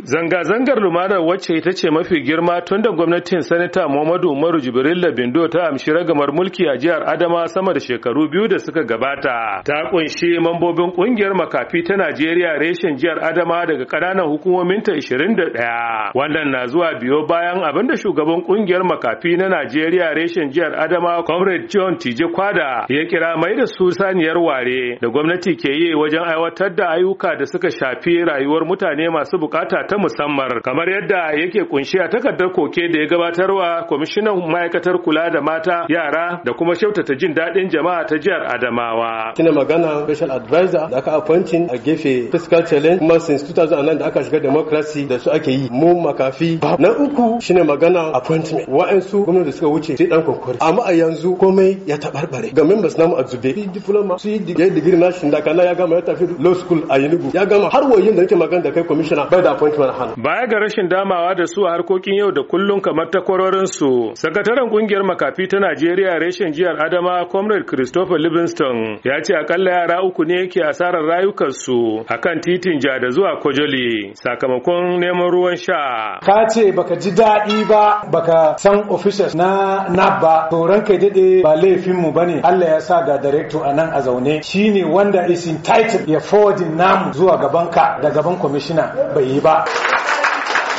Zanga-zangar lumana wacce ita ce mafi girma tun da gwamnatin Sanata Muhammadu Umaru Jibrilla Bindo ta amshi ragamar mulki a jihar Adama sama da shekaru biyu da suka gabata. Ta kunshi mambobin kungiyar makafi ta Najeriya reshen jihar Adama daga ƙananan hukumominta 21. Wannan na zuwa biyo bayan abin da shugaban kungiyar makafi na Najeriya reshen jihar Adama Comrade John Tije Kwada ya kira mai da su saniyar ware da gwamnati ke yi wajen aiwatar da ayyuka da suka shafi rayuwar mutane masu bukata ta musamman kamar yadda yake kunshi a takardar koke da ya gabatarwa kwamishinan ma'aikatar kula da mata yara da kuma kyautata jin daɗin jama'a ta jihar Adamawa. Kina magana special advisor da aka appointing a gefe fiscal challenge kuma since 2009 da aka shiga democracy da su ake yi mu makafi Na uku shine magana appointment wa'ansu gwamnati da suka wuce sai dan kokori amma a yanzu komai ya tabarbare ga members namu a zube. Su diploma su yi degree na shi da kana ya gama ya tafi law school a Enugu ya gama har wayin da nake magana da kai commissioner bai da appointment Baya ga rashin damawa da su a harkokin yau da kullum kamar takwarorin su, sakataren kungiyar makafi ta Najeriya reshen jiyar Adama Comrade Christopher Livingston ya ce akalla yara uku ne yake asarar rayukansu kan titin ja da zuwa Kojoli sakamakon neman ruwan sha. Ka ce baka ji daɗi ba baka san officials na NAB ba to ranka dade ba laifin mu ne. Allah ya sa ga director a nan a zaune shine wanda is entitled ya forward namu zuwa gabanka da gaban commissioner bai yi ba 了。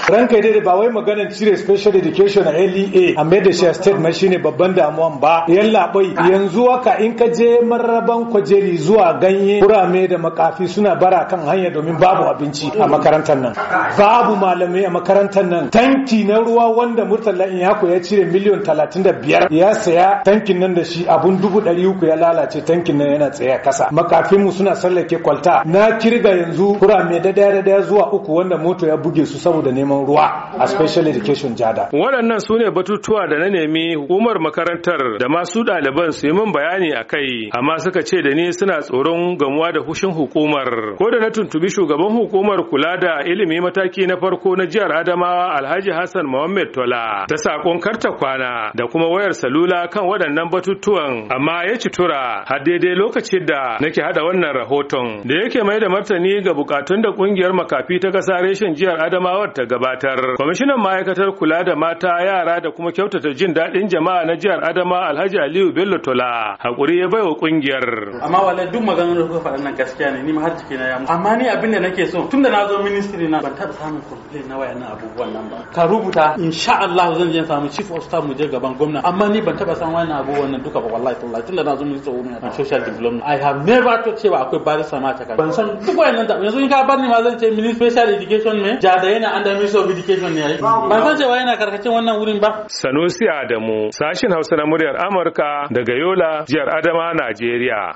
ranka dai ba wai maganar cire special education a LEA a mai state mai shine babban damuwan ba yan labai yanzu haka in ka je maraban kwajeri zuwa ganye kurame da makafi suna bara kan hanya domin babu abinci a makarantar nan babu malamai a makarantar nan tanki na ruwa wanda murtala in yako ya cire miliyon talatin da biyar ya saya tankin nan da shi abun dubu ɗari uku ya lalace tankin nan yana tsaye kasa makafinmu suna sallake kwalta na kirga yanzu kurame da daya da daya zuwa uku wanda moto ya buge su saboda neman neman ruwa a special education jada waɗannan su ne batutuwa da na nemi hukumar makarantar da masu ɗaliban su yi min bayani a kai amma suka ce da ni suna tsoron gamuwa da hushin hukumar ko da na tuntubi shugaban hukumar kula da ilimi mataki na farko na jihar adamawa alhaji hassan muhammad tola ta sakon karta kwana da kuma wayar salula kan waɗannan batutuwan amma ya ci tura har daidai lokacin da nake haɗa wannan rahoton da yake mai da martani ga bukatun da ƙungiyar makafi ta kasa reshen jihar adamawar ta gaba gabatar kwamishinan ma'aikatar kula da mata yara da kuma kyautata jin daɗin jama'a na jihar adama alhaji aliyu bello tola hakuri ya baiwa kungiyar amma wallahi duk maganar da kuka faɗa nan gaskiya ne ni ma har jikina ya amma ni abin da nake so tunda na zo ministry na ban taɓa samun complain na wayannan abubuwan nan ba ka rubuta insha Allah zan je samu chief of staff mu je gaban gwamna amma ni ban taɓa samun wayannan abubuwan nan duka ba wallahi wallahi tunda na zo ministry of social development i have never to cewa akwai barisa mata ban san duk wayannan da yanzu in ka bar ni ma zan ce ministry special education me jada yana under minister of education ne yayi ban san cewa yana karkacin wannan wurin ba sanusi adamu sashin hausa na muryar amurka daga yola jihar adama najeriya